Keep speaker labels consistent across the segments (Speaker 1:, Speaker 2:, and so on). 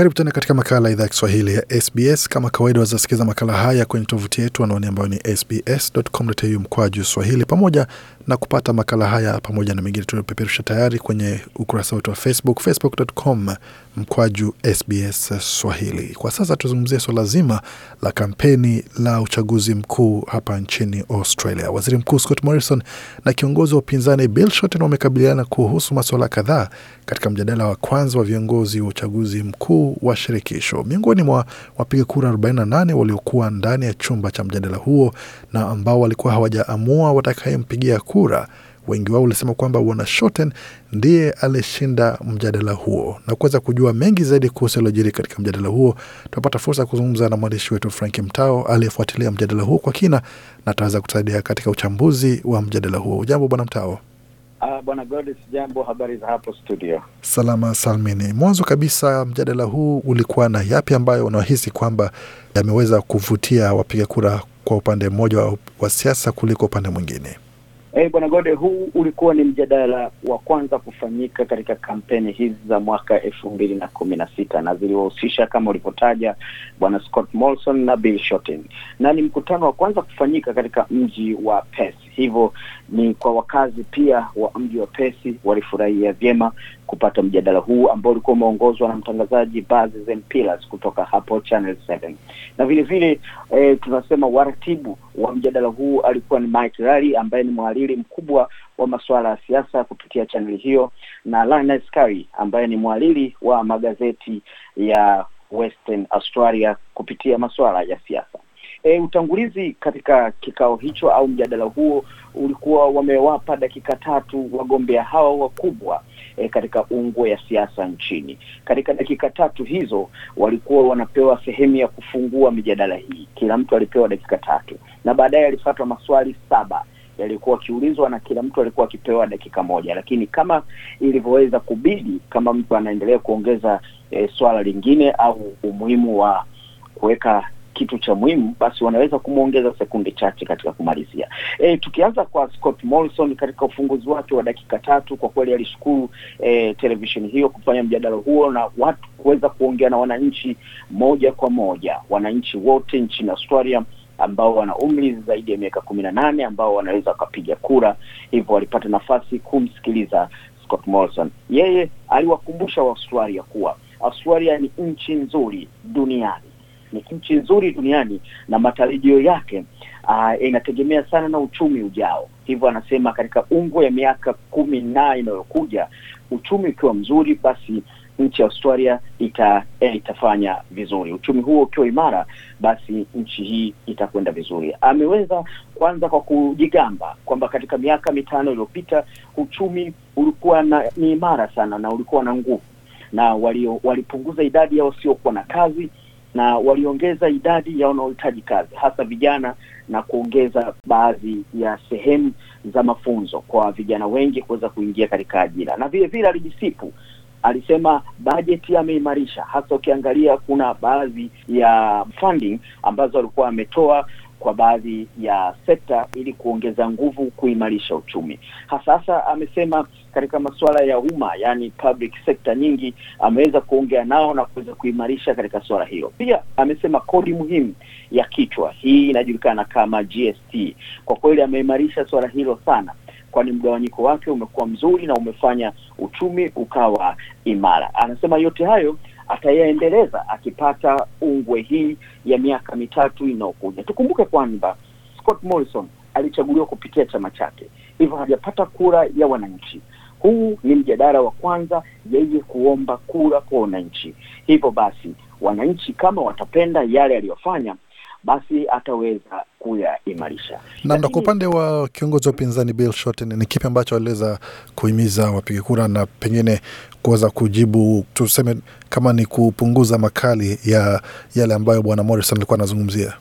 Speaker 1: Karibu tena katika makala ya idhaa ya Kiswahili ya SBS. Kama kawaida, wazasikiza makala haya kwenye tovuti yetu anaoni ambayo ni sbs.com.au mkwaju swahili, pamoja na kupata makala haya pamoja na mengine tuliopeperusha tayari kwenye ukurasa wetu wa Facebook, facebook.com mkwaju SBS Swahili. Kwa sasa tuzungumzie swala zima la kampeni la uchaguzi mkuu hapa nchini Australia. Waziri Mkuu Scott Morrison na kiongozi wa upinzani Bill Shorten wamekabiliana kuhusu masuala kadhaa katika mjadala wa kwanza wa viongozi wa uchaguzi mkuu wa shirikisho. Miongoni mwa wapiga kura 48 waliokuwa ndani ya chumba cha mjadala huo na ambao walikuwa hawajaamua watakayempigia kura Wengi wao walisema kwamba Bwana Shorten ndiye alishinda mjadala huo. Na kuweza kujua mengi zaidi kuhusu yaliyojiri katika mjadala huo, tunapata fursa ya kuzungumza na mwandishi wetu Frank Mtao aliyefuatilia mjadala huo kwa kina na ataweza kutusaidia katika uchambuzi wa mjadala huo. Ujambo Bwana Mtao.
Speaker 2: Uh, Bwana jambo. Habari za hapo studio?
Speaker 1: Salama salmini. Mwanzo kabisa mjadala huu ulikuwa na yapi ambayo unahisi kwamba yameweza kuvutia wapiga kura kwa upande mmoja wa, wa siasa kuliko upande mwingine?
Speaker 2: Eh, Bwana Gode, huu ulikuwa ni mjadala wa kwanza kufanyika katika kampeni hizi za mwaka elfu mbili na kumi na sita na ziliwahusisha kama ulivyotaja Bwana Scott Molson na Bill Shorten, na ni mkutano wa kwanza kufanyika katika mji wa Perth. Hivyo ni kwa wakazi pia wa mji wa Perth walifurahia vyema kupata mjadala huu ambao ulikuwa umeongozwa na mtangazaji Buzz Zempilas kutoka hapo Channel 7 na vilevile vile, eh, tunasema waratibu wa mjadala huu alikuwa ni Mike Rally ambaye ni mhariri mkubwa wa masuala ya siasa kupitia chaneli hiyo na Linus Curry ambaye ni mhariri wa magazeti ya Western Australia kupitia masuala ya siasa. E, utangulizi katika kikao hicho au mjadala huo ulikuwa wamewapa dakika tatu wagombea hawa wakubwa e, katika ungwe ya siasa nchini. Katika dakika tatu hizo walikuwa wanapewa sehemu ya kufungua mijadala hii. Kila mtu alipewa dakika tatu na baadaye alifuatwa maswali saba yalikuwa akiulizwa na kila mtu alikuwa akipewa dakika moja, lakini kama ilivyoweza kubidi, kama mtu anaendelea kuongeza e, swala lingine au umuhimu wa kuweka kitu cha muhimu, basi wanaweza kumwongeza sekunde chache katika kumalizia. E, tukianza kwa Scott Morrison katika ufunguzi wake wa dakika tatu, kwa kweli alishukuru e, televisheni hiyo kufanya mjadala huo na watu kuweza kuongea na wananchi moja kwa moja, wananchi wote nchini Australia ambao wana umri zaidi ya miaka kumi na nane ambao wanaweza wakapiga kura, hivyo walipata nafasi kumsikiliza Scott Morrison. Yeye aliwakumbusha Waaustralia kuwa Australia ni nchi nzuri duniani ni nchi nzuri duniani na matarajio yake uh, inategemea sana na uchumi ujao. Hivyo anasema katika ungo ya miaka kumi na inayokuja, uchumi ukiwa mzuri, basi nchi ya Australia ita, eh, itafanya vizuri. Uchumi huo ukiwa imara, basi nchi hii itakwenda vizuri. Ameweza kwanza kwa kujigamba kwamba katika miaka mitano iliyopita uchumi ulikuwa na, ni imara sana na ulikuwa na nguvu na walio, walipunguza idadi ya wasiokuwa na kazi na waliongeza idadi ya wanaohitaji kazi hasa vijana na kuongeza baadhi ya sehemu za mafunzo kwa vijana wengi kuweza kuingia katika ajira. Na vile vile alijisipu alisema bajeti ameimarisha, hasa ukiangalia kuna baadhi ya funding ambazo alikuwa ametoa kwa baadhi ya sekta ili kuongeza nguvu, kuimarisha uchumi. Hasa hasa amesema katika masuala ya umma, yani public sector nyingi ameweza kuongea nao na kuweza kuimarisha katika suala hilo. Pia amesema kodi muhimu ya kichwa hii inajulikana kama GST. Kwa kweli ameimarisha suala hilo sana kwani mgawanyiko wake umekuwa mzuri na umefanya uchumi ukawa imara. Anasema yote hayo atayaendeleza akipata ungwe hii ya miaka mitatu inayokuja. Tukumbuke kwamba Scott Morrison alichaguliwa kupitia chama chake, hivyo hajapata kura ya wananchi. Huu ni mjadala wa kwanza yeye kuomba kura kwa wananchi. Hivyo basi, wananchi kama watapenda yale aliyofanya, basi ataweza kuyaimarisha.
Speaker 1: Naam. Na kwa upande wa kiongozi wa upinzani Bill Shorten, ni kipi ambacho aliweza kuhimiza wapiga kura na pengine kuweza kujibu, tuseme kama ni kupunguza makali ya yale ambayo bwana Morrison alikuwa anazungumzia.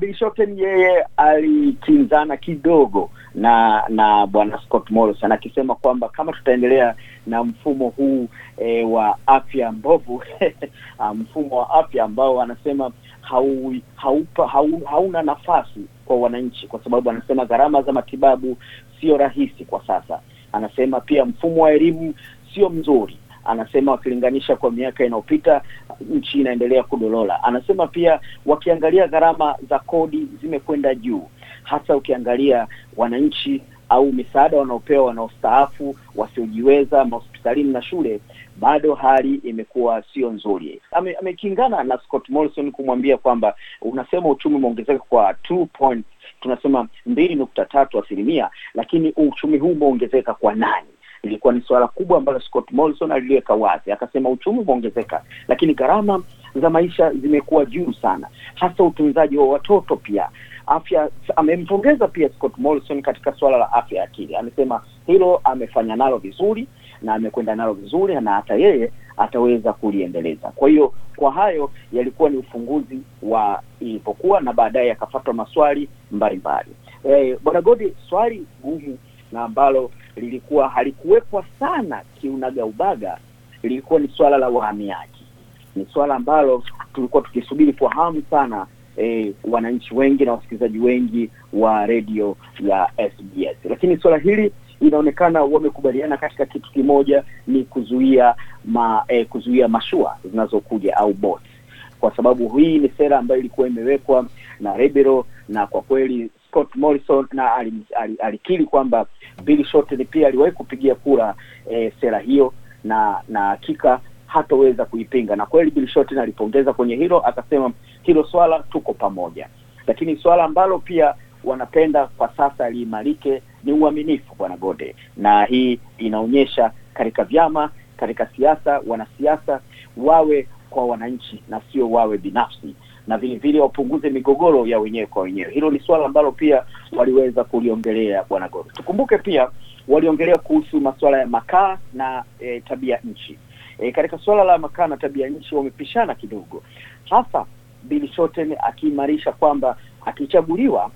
Speaker 2: bishoten yeye alikinzana kidogo na na bwana Scott Morrison akisema kwamba kama tutaendelea na mfumo huu e, wa afya mbovu mfumo wa afya ambao anasema hau, haupa, hau, hauna nafasi kwa wananchi, kwa sababu anasema gharama za matibabu sio rahisi kwa sasa. Anasema pia mfumo wa elimu sio mzuri. Anasema wakilinganisha kwa miaka inayopita nchi inaendelea kudolola. Anasema pia wakiangalia gharama za kodi zimekwenda juu, hasa ukiangalia wananchi au misaada wanaopewa wanaostaafu, wasiojiweza, mahospitalini na shule, bado hali imekuwa sio nzuri. Amekingana ame na Scott Morrison kumwambia kwamba unasema uchumi umeongezeka kwa two point tunasema mbili nukta tatu asilimia, lakini uchumi huu umeongezeka kwa nani? ilikuwa ni suala kubwa ambalo Scott Morrison aliliweka wazi, akasema uchumi umeongezeka, lakini gharama za maisha zimekuwa juu sana, hasa utunzaji wa watoto pia afya. Amempongeza pia Scott Morrison katika suala la afya ya akili, amesema hilo amefanya nalo vizuri na amekwenda nalo vizuri na hata yeye ataweza kuliendeleza. Kwa hiyo kwa hayo yalikuwa ni ufunguzi wa ilipokuwa, na baadaye yakafuatwa maswali mbalimbali. E, Bwana Godi, swali gumu na ambalo lilikuwa halikuwekwa sana kiunaga ubaga, lilikuwa ni swala la wahamiaji, ni swala ambalo tulikuwa tukisubiri kwa hamu sana e, wananchi wengi na wasikilizaji wengi wa redio ya SBS, lakini swala hili inaonekana wamekubaliana katika kitu kimoja, ni kuzuia ma, e, kuzuia mashua zinazokuja au boats, kwa sababu hii ni sera ambayo ilikuwa imewekwa na Rebero, na kwa kweli Scott Morrison na alikiri ali, ali kwamba Bill Shorten pia aliwahi kupigia kura e, sera hiyo na na hakika hatoweza kuipinga, na kweli Bill Shorten alipongeza kwenye hilo, akasema hilo swala tuko pamoja. Lakini swala ambalo pia wanapenda kwa sasa liimarike ni uaminifu, bwana Gode, na hii inaonyesha katika vyama, katika siasa, wanasiasa wawe kwa wananchi na sio wawe binafsi na vile vile wapunguze migogoro ya wenyewe kwa wenyewe. Hilo ni swala ambalo pia waliweza kuliongelea Bwana Gore. Tukumbuke pia waliongelea kuhusu masuala ya makaa na e, tabia nchi. E, katika suala la makaa na tabia nchi wamepishana kidogo, hasa Bill Shorten akiimarisha kwamba akichaguliwa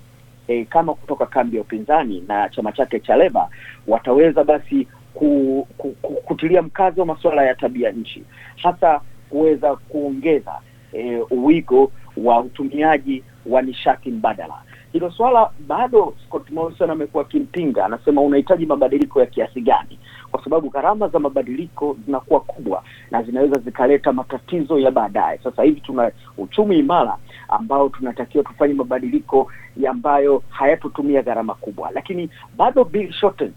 Speaker 2: e, kama kutoka kambi ya upinzani na chama chake cha Leba wataweza basi ku, ku, ku, kutilia mkazo masuala ya tabia nchi hasa kuweza kuongeza e, uwigo wa utumiaji wa nishati mbadala. Hilo swala bado Scott Morrison amekuwa akimpinga, anasema unahitaji mabadiliko ya kiasi gani? Kwa sababu gharama za mabadiliko zinakuwa kubwa na zinaweza zikaleta matatizo ya baadaye. Sasa hivi tuna uchumi imara ambao tunatakiwa tufanye mabadiliko ambayo hayatotumia gharama kubwa, lakini bado Bill Shorten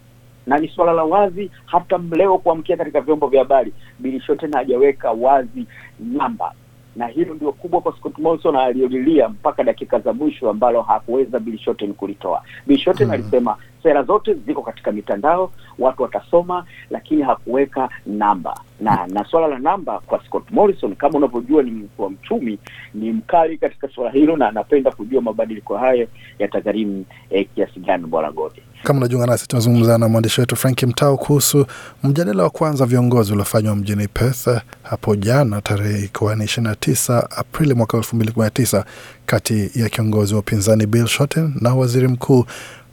Speaker 2: na ni suala la wazi hata mleo kuamkia katika vyombo vya habari Bill Shorten hajaweka wazi namba na hilo ndio kubwa kwa Scott Morrison aliyolilia mpaka dakika za mwisho ambalo hakuweza Bill Shorten kulitoa. Bill Shorten mm -hmm. alisema sera zote ziko katika mitandao, watu watasoma, lakini hakuweka namba na na swala la namba kwa Scott Morrison, kama unavyojua, ni wa mchumi, ni mkali katika swala hilo, na anapenda kujua mabadiliko hayo yatagharimu eh, kiasi gani bwana
Speaker 1: Gode. Kama unajunga nasi, tunazungumza na mwandishi wetu Frank Mtao kuhusu mjadala wa kwanza viongozi uliofanywa mjini peth eh, hapo jana, tarehe ikiwa ni ishirini na tisa Aprili mwaka elfu mbili kumi na tisa kati ya kiongozi wa upinzani Bill shoten na waziri mkuu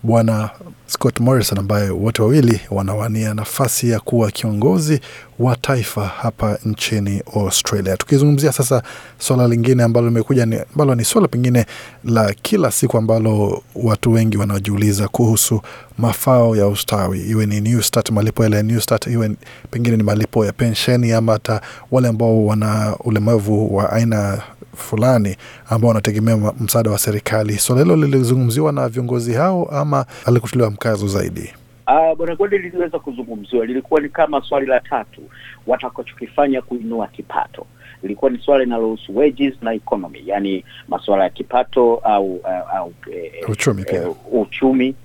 Speaker 1: Bwana Scott Morrison ambaye wote wawili wanawania nafasi ya kuwa kiongozi wa taifa hapa nchini Australia. Tukizungumzia sasa swala lingine ambalo limekuja ambalo ni, swala pengine la kila siku ambalo watu wengi wanajiuliza kuhusu mafao ya ustawi, iwe ni Newstart, malipo yale ya Newstart, iwe pengine ni malipo ya pensheni ama hata wale ambao wana ulemavu wa aina fulani ambao wanategemea msaada wa serikali. Swala hilo lilizungumziwa na viongozi hao ama alikutuliwa mkazo zaidi?
Speaker 2: Uh, bwana Gwande, liliweza kuzungumziwa, lilikuwa ni kama swali la tatu, watakachokifanya kuinua kipato ilikuwa ni swala linalohusu wages na economy, yani masuala ya kipato au, au, au eh, uchumi, e, uchumi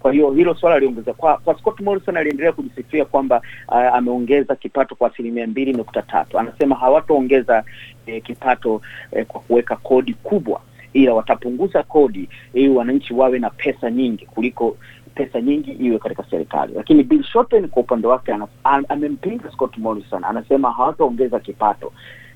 Speaker 2: kwa hiyo hilo swala aliongeza kwa, kwa Scott Morrison aliendelea kujisifia kwamba uh, ameongeza kipato kwa asilimia mbili nukta tatu. Anasema hawataongeza eh, kipato eh, kwa kuweka kodi kubwa, ila watapunguza kodi ili wananchi wawe na pesa nyingi kuliko pesa nyingi iwe katika serikali. Lakini Bill Shorten kwa upande wake amempinga Scott Morrison, anasema hawataongeza kipato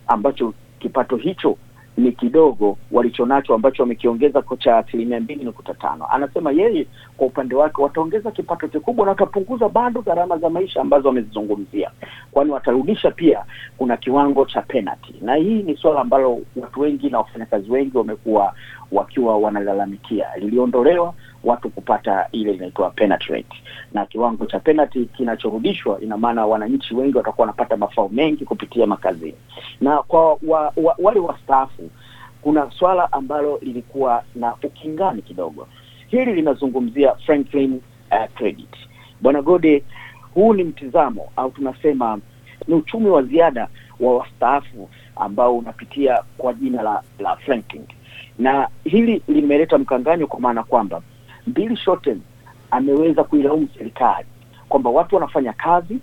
Speaker 2: ambacho kipato hicho ni kidogo walichonacho ambacho wamekiongeza kocha asilimia mbili nukta tano. Anasema yeye kwa upande wake wataongeza kipato kikubwa na watapunguza bado gharama za maisha ambazo wamezizungumzia, kwani watarudisha pia kuna kiwango cha penalty, na hii ni suala ambalo watu wengi na wafanyakazi wengi wamekuwa wakiwa wanalalamikia liliondolewa watu kupata ile inaitwa penalty rate, na kiwango cha penalty kinachorudishwa, ina maana wananchi wengi watakuwa wanapata mafao mengi kupitia makazini. Na kwa wa, wa, wale wastaafu, kuna swala ambalo lilikuwa na ukingani kidogo, hili linazungumzia Franklin uh, credit. Bwana Gode, huu ni mtizamo au tunasema ni uchumi wa ziada wa wastaafu ambao unapitia kwa jina la, la franklin na hili limeleta mkanganyo kwa maana kwamba Bill Shorten ameweza kuilaumu serikali kwamba watu wanafanya kazi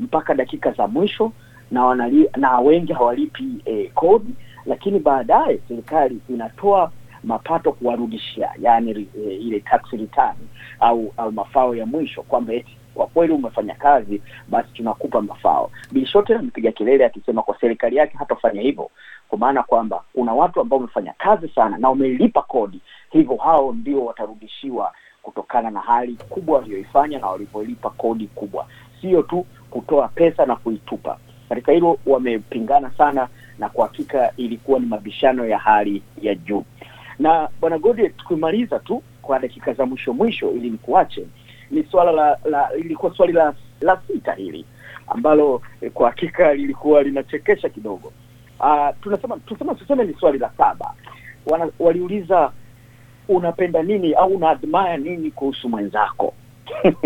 Speaker 2: mpaka dakika za mwisho na wanali, na wengi hawalipi eh, kodi, lakini baadaye serikali inatoa mapato kuwarudishia, yani eh, ile tax return au, au mafao ya mwisho kwamba eti kwa kweli umefanya kazi basi tunakupa mafao. Bill Shorten amepiga kelele akisema kwa serikali yake hatafanya hivyo, kwa maana kwamba kuna watu ambao wamefanya kazi sana na wamelipa kodi hivyo hao ndio watarudishiwa kutokana na hali kubwa walioifanya na walivyolipa kodi kubwa, sio tu kutoa pesa na kuitupa. Katika hilo wamepingana sana, na kwa hakika ilikuwa ni mabishano ya hali ya juu. Na bwana gode tukimaliza tu kwa dakika za mwisho mwisho ili nikuache, ni swala la, la ilikuwa swali la la sita hili ambalo kwa hakika lilikuwa linachekesha kidogo. Uh, tunasema tuseme tuseme ni swali la saba. Wana, waliuliza unapenda nini au unaadmire nini kuhusu mwenzako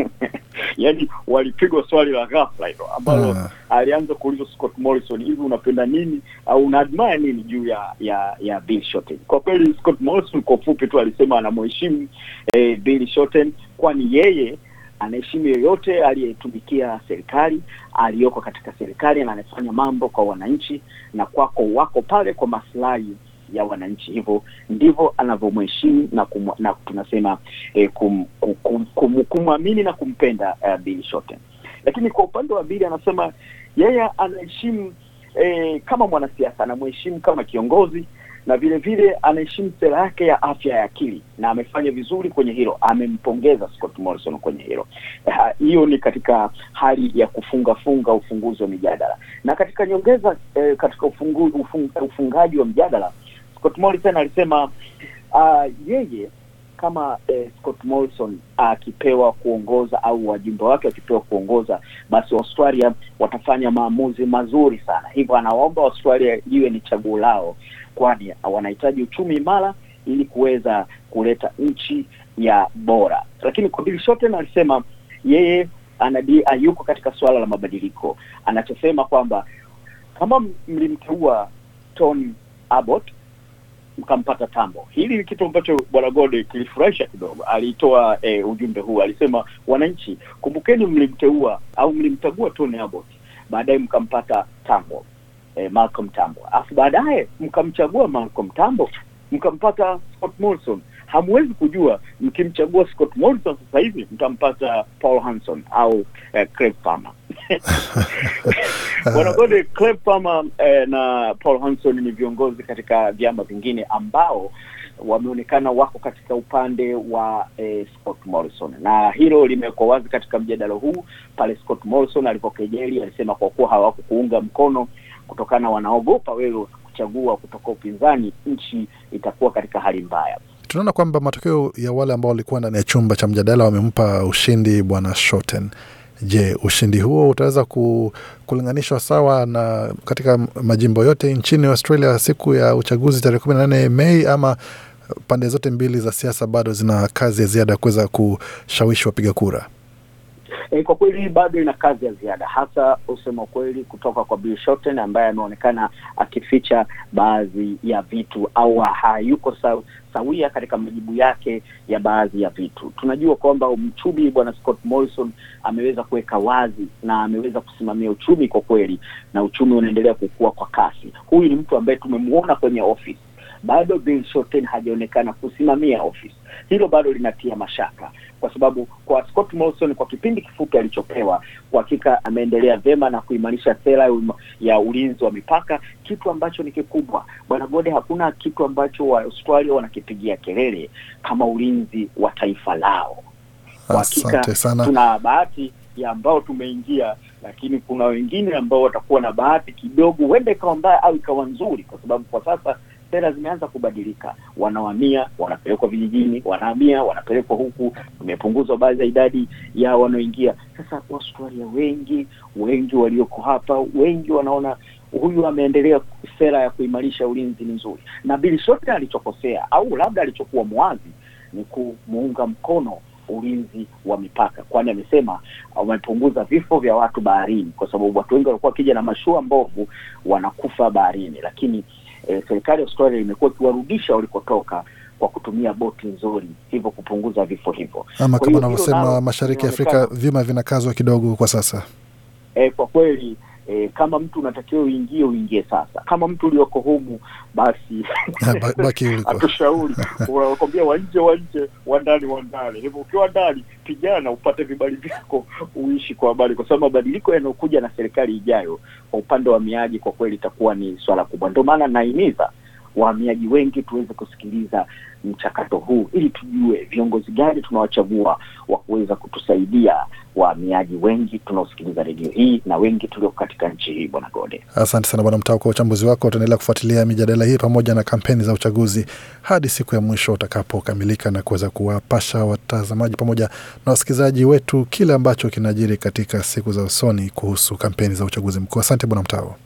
Speaker 2: yaani walipigwa swali la ghafla hilo ambalo uh. alianza kuulizwa Scott Morrison, hivi unapenda nini au unaadmaya nini juu ya ya ya Bill Shorten? Kwa kweli Scott Morrison kwa ufupi tu alisema anamuheshimu eh, Bill Shorten, kwani yeye anaheshimu yoyote aliyetumikia serikali, aliyoko katika serikali na anafanya mambo kwa wananchi, na kwako wako pale kwa maslahi ya wananchi. Hivyo ndivyo anavyomheshimu na, na tunasema eh, kumwamini kum, kum, kum, na kumpenda uh, eh, Bill Shorten. Lakini kwa upande wa bili anasema yeye anaheshimu eh, kama mwanasiasa, anamheshimu kama kiongozi na vile vile anaheshimu sera yake ya afya ya akili na amefanya vizuri kwenye hilo, amempongeza Scott Morrison kwenye hilo. Eh, hiyo ni katika hali ya kufunga funga ufunguzi wa mijadala, na katika nyongeza eh, katika ufungu, ufung, ufungaji wa mjadala Scott Morrison alisema uh, yeye kama eh, Scott Morrison akipewa uh, kuongoza au wajumbe wake wakipewa kuongoza, basi Australia watafanya maamuzi mazuri sana. Hivyo anawaomba Australia iwe ni chaguo lao, kwani wanahitaji uchumi imara ili kuweza kuleta nchi ya bora. Lakini Bill Shorten alisema yeye anadi ah, yuko katika suala la mabadiliko, anachosema kwamba kama mlimteua Tony Abbott mkampata tambo. Hili ni kitu ambacho bwana Gode kilifurahisha kidogo, alitoa e, ujumbe huu. Alisema, wananchi, kumbukeni mlimteua au mlimtagua Tony Abbott, baadaye mkampata tambo e, Malcolm Tambo, alafu baadaye mkamchagua Malcolm Tambo mkampata Scott Morrison. Hamwezi kujua mkimchagua Scott Morrison sasa hivi mtampata Paul Hanson au e, Craig Palmer. Bwana Gode, Clay Palmer eh, na Paul Hanson ni viongozi katika vyama vingine ambao wameonekana wako katika upande wa eh, Scott Morrison na hilo limekuwa wazi katika mjadala huu pale Scott Morrison alipokejeli, alisema kwa kuwa hawakukuunga mkono kutokana wanaogopa wewe kuchagua kutoka upinzani, nchi itakuwa katika hali mbaya.
Speaker 1: Tunaona kwamba matokeo ya wale ambao walikuwa ndani ya chumba cha mjadala wamempa ushindi bwana Shoten. Je, ushindi huo utaweza kulinganishwa sawa na katika majimbo yote nchini Australia siku ya uchaguzi tarehe kumi na nane Mei ama pande zote mbili za siasa bado zina kazi ya ziada ya kuweza kushawishi wapiga kura?
Speaker 2: E, kwa kweli bado ina kazi ya ziada, hasa usema ukweli, kutoka kwa Bill Shorten ambaye ameonekana akificha baadhi ya vitu au hayuko sawa sawia katika majibu yake ya baadhi ya vitu. Tunajua kwamba mchumi bwana Scott Morrison ameweza kuweka wazi na ameweza kusimamia uchumi kwa kweli, na uchumi unaendelea kukua kwa kasi. Huyu ni mtu ambaye tumemwona kwenye ofisi bado Bill Shorten hajaonekana kusimamia ofisi. Hilo bado linatia mashaka kwa sababu kwa Scott Morrison kwa kipindi kifupi alichopewa, kwa hakika ameendelea vema na kuimarisha sera um-, ya ulinzi wa mipaka, kitu ambacho ni kikubwa. Bwana Gode, hakuna kitu ambacho Waaustralia wanakipigia kelele kama ulinzi wa taifa lao.
Speaker 1: Kwa hakika tuna
Speaker 2: bahati ya ambao tumeingia lakini kuna wengine ambao watakuwa na bahati kidogo, huenda ikawa mbaya au ikawa nzuri, kwa sababu kwa sasa sera zimeanza kubadilika, wanaohamia wanapelekwa vijijini, wanahamia wanapelekwa huku, imepunguzwa baadhi ya idadi ya wanaoingia. Sasa Waustralia wengi wengi walioko hapa wengi wanaona huyu ameendelea, sera ya kuimarisha ulinzi ni nzuri, na bili sote alichokosea au labda alichokuwa mwazi ni kumuunga mkono ulinzi wa mipaka, kwani amesema wamepunguza vifo vya watu baharini, kwa sababu watu wengi walikuwa wakija na mashua mbovu wanakufa baharini, lakini eh, serikali ya Australia imekuwa ikiwarudisha walikotoka kwa kutumia boti nzuri, hivyo kupunguza vifo hivyo. Ama kama unavyosema mashariki ya Afrika,
Speaker 1: vyuma vinakazwa kidogo kwa sasa.
Speaker 2: eh, kwa kweli E, kama mtu unatakiwa uingie uingie sasa. Kama mtu ulioko humu basi hatushauri unakwambia wanje wanje, wandani wandani. Hivyo ukiwa ndani kijana upate vibali vyako, uishi kwa habari, kwa sababu mabadiliko yanayokuja na serikali ijayo kwa upande wa miaji, kwa kweli itakuwa ni swala kubwa. Ndio maana naimiza wahamiaji wengi tuweze kusikiliza mchakato huu, ili tujue viongozi gani tunawachagua wa kuweza kutusaidia wahamiaji wengi tunaosikiliza redio hii na wengi tulio katika nchi hii. Bwana
Speaker 1: Gode, asante sana Bwana Mtao kwa uchambuzi wako. Utaendelea kufuatilia mijadala hii pamoja na kampeni za uchaguzi hadi siku ya mwisho utakapokamilika na kuweza kuwapasha watazamaji pamoja na wasikilizaji wetu kile ambacho kinajiri katika siku za usoni kuhusu kampeni za uchaguzi mkuu. Asante Bwana Mtao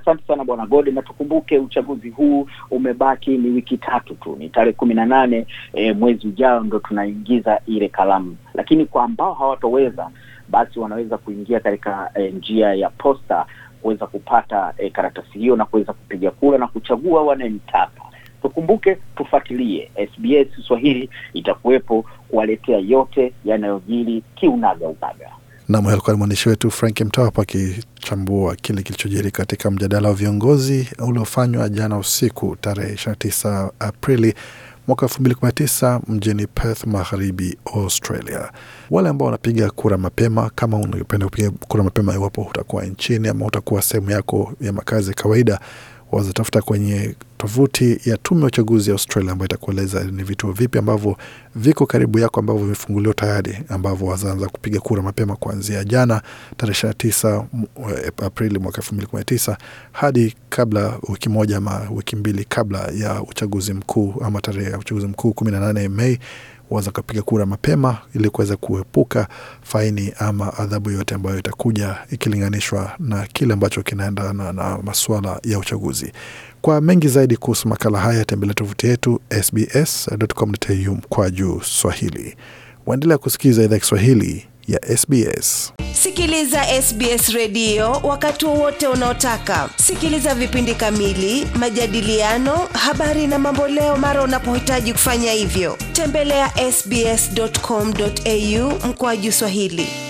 Speaker 2: asante sana bwana Gode, na tukumbuke uchaguzi huu umebaki ni wiki tatu tu, ni tarehe kumi na nane e, mwezi ujao ndo tunaingiza ile kalamu, lakini kwa ambao hawatoweza basi wanaweza kuingia katika e, njia ya posta kuweza kupata e, karatasi hiyo na kuweza kupiga kura na kuchagua wanayemtaka. Tukumbuke, tufuatilie SBS Swahili, itakuwepo kuwaletea yote yanayojiri kiunaga ubaga.
Speaker 1: Nam, alikuwa ni mwandishi wetu Frank Mtawapa akichambua kile kilichojiri katika mjadala wa viongozi uliofanywa jana usiku tarehe 29 Aprili mwaka 2019 mjini Perth, magharibi Australia. Wale ambao wanapiga kura mapema, kama unapenda kupiga kura mapema, iwapo utakuwa nchini ama utakuwa sehemu yako ya makazi ya kawaida, wazatafuta kwenye tovuti ya tume ya uchaguzi ya Australia ambayo itakueleza ni vituo vipi ambavyo viko karibu yako ambavyo vimefunguliwa tayari ambavyo wazaanza kupiga kura mapema kuanzia jana tarehe tisa eh, Aprili mwaka tisa hadi kabla wiki moja ama wiki mbili kabla ya uchaguzi mkuu ama tarehe ya uchaguzi mkuu 18 Mei waza kupiga kura mapema ili kuweza kuepuka faini ama adhabu yote ambayo itakuja ikilinganishwa na kile ambacho kinaendana na masuala ya uchaguzi. Kwa mengi zaidi kuhusu makala haya tembelea tovuti yetu sbs.com.au kwa juu Swahili. Waendelea kusikiliza idhaa Kiswahili ya SBS.
Speaker 2: Sikiliza SBS redio wakati wowote unaotaka. Sikiliza vipindi kamili, majadiliano, habari na mamboleo mara unapohitaji kufanya hivyo. Tembelea ya sbs.com.au mkoaju Swahili.